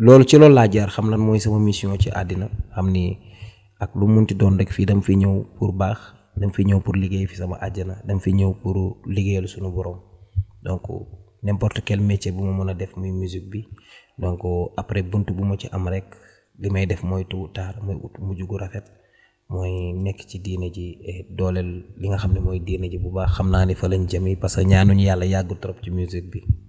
loolu ci loolu laa jaar xam lan mooy sama mission ci àddina xam ni ak lu munti doon rek fii dama fi ñëw pour baax dama fi ñëw pour liggéey fi sama àjjana dama fi ñëw pour liggéeyal suñu borom donc n'importe quel métier bu ma mën a def muy musique bi donc après bunt bu ma ci am rek li may def mooy tu taar mooy ut mujj gu rafet mooy nekk ci diine ji dooleel li nga xam ne mooy diine ji bu baax xam naa ni fa lañ jëmi parce ñaanu ñu yàlla yàggu trop ci musique bi